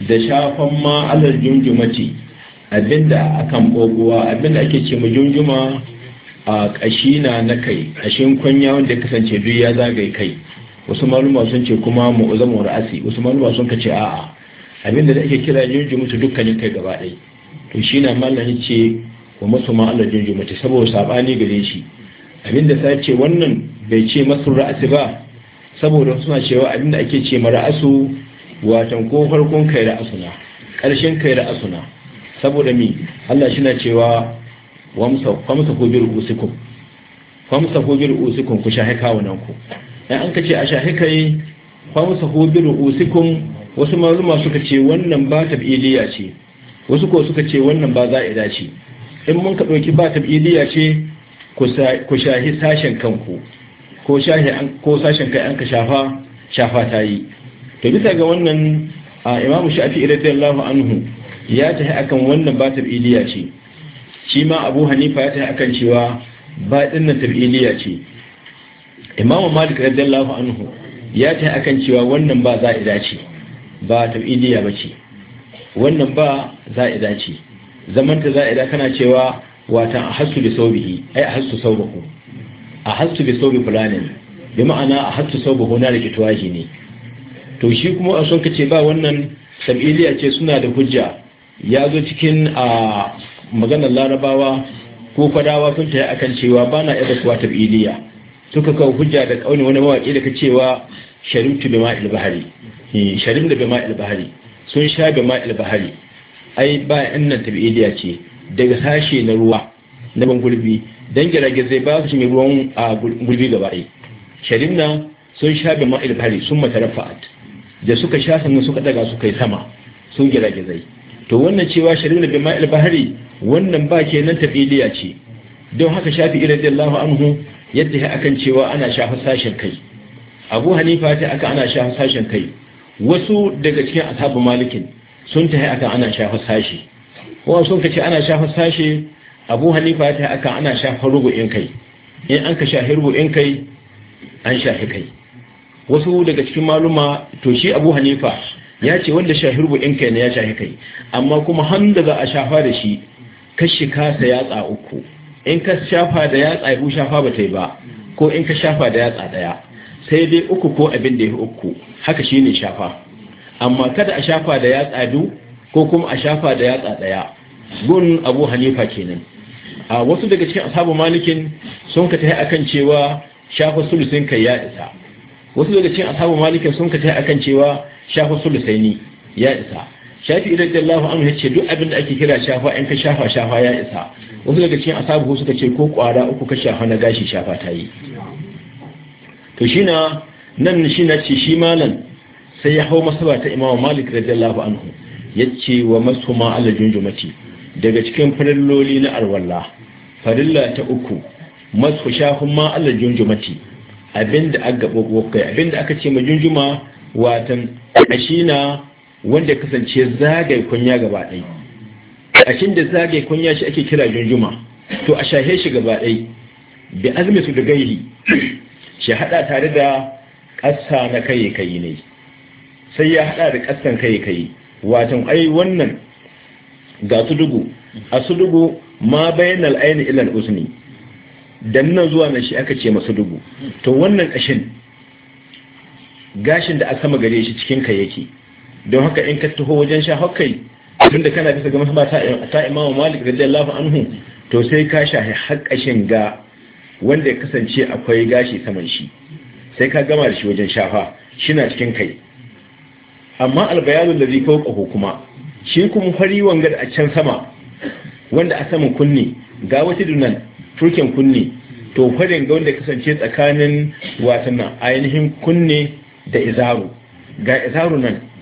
da shafan ma alal junjuma ce abinda akan boguwa abinda ake ce ma junjuma a kashina na na kai kashin kunya wanda ya kasance duk ya zagaye kai wasu maluma sun ce kuma mu mu ra'asi wasu maluma sun ce a'a abinda da ake kira junjuma su dukkanin kai gaba ɗaya to shi na mallan ce wa masu ma alal junjuma ce saboda sabani gare shi abinda sai ce wannan bai ce masu ra'asi ba saboda suna cewa abinda ake ce ma ra'asu watan ko farkon kai da asuna ƙarshen kai da asuna saboda mi Allah shi na cewa famsa ko bir usikum famsa ko bi usikum ku shahe wannan ku dan an kace a shahi kai famsa ko bi usikum wasu maluma suka ce wannan ba tab'iliya ce wasu ko suka ce wannan ba za'ida ce in mun ka dauki ba tab'iliya ce ku shahi sashen kanku ko sashen kai an ka shafa shafa ta yi to bisa ga wannan a imamu shafi radiyallahu anhu ya tahi akan wannan ba tab'iliya ce shi ma abu hanifa ya tahi akan cewa ba din nan tab'iliya ce imamu malik radiyallahu anhu ya tahi akan cewa wannan ba za'ida ce ba tab'iliya ba ce wannan ba za'ida ce zamanta za'ida kana cewa wata a hassu bi saubihi ai a hassu saubahu a hassu bi saubi fulani bi ma'ana a hassu saubahu na rikituwahi ne to shi kuma a ka kace ba wannan sam'iliya ce suna da hujja ya zo cikin a maganar larabawa ko fadawa sun ta akan cewa ba na yadda kuwa tab'iliya suka kawo hujja da kauni wani mawaƙi da ka cewa sharimtu bi ma'il bahari eh, sharim da bi ma'il bahari sun sha bi ma'il bahari ai ba yan nan tab'iliya ce daga sashe na ruwa na ban gulbi dan zai ba su mai ruwan a gulbi gaba ɗaya sharim na sun sha bi ma'il bahari sun matarafa'at da suka sha sannan suka daga su kai sama sun gizai to wannan cewa da bima al-bahari wannan ba ke nan tafiliya ce don haka shafi radiyallahu anhu yadda akan cewa ana shafa sashen kai abu hanifa ta aka ana shafa sashen kai wasu daga cikin ashabu malikin sun tahi aka ana shafa sashi kuma sun ka ce ana shafa sashi abu hanifa ta aka ana shafa rubu'in kai in an ka shafi rubu'in kai an shafi kai wasu daga cikin maluma to shi abu hanifa ya ce wanda shahirbu in kai ne ya shahi kai amma kuma hannu za a shafa da shi kashi kasa yatsa uku in ka shafa da yatsa ya shafa ba ta yi ba ko in ka shafa da yatsa daya sai dai uku ko abin da ya uku haka shi ne shafa amma kada a shafa da yatsa biyu ko kuma a shafa da yatsa daya gun abu hanifa kenan a wasu daga cikin asabu malikin sun ka tafi akan cewa shafa sulusin kai ya isa wasu daga cikin ashabu malikin sun kace akan cewa shafa sulusaini ya isa shafi idan Allahu an yace duk abin da ake kira shafa in ka shafa shafa ya isa wasu daga cikin ashabu suka ce ko kwara uku ka shafa na gashi shafa ta yi to shine nan shi na ce shi malam sai ya hau masaba ta imam malik radiyallahu anhu yace wa masu ala junjumati daga cikin farilloli na arwalla farilla ta uku masu shafin ma ala junjumati abinda aka gaba kai abinda aka ce ma junjuma watan ashina wanda kasance zagaye kunya gaba ɗai ashin da zagaye kunya shi ake kira junjuma to a shahe shi gaba ɗai bi azumi su da gairi shi haɗa tare da ƙasa na kai kai ne sai ya haɗa da ƙasan kai kai watan ai wannan ga su dugu a su dugu ma bayan al'aini ilal usni Dan nan zuwa nan shi aka ce masu dubu to wannan kashin gashin da aka sama gare shi cikin ka yake don haka in ka taho wajen sha hakai tun da kana bisa ga masaba ta imamu malik radiyallahu anhu to sai ka sha hakkashin ga wanda ya kasance akwai gashi saman shi sai ka gama da shi wajen shafa shina cikin kai amma albayanun da zai kawo kuma shi kuma fari wanga da a can sama wanda a saman kunne ga wata dunan tuken kunne to faɗin ga wanda kasance tsakanin wasannin ainihin kunne da izaru ga izaru nan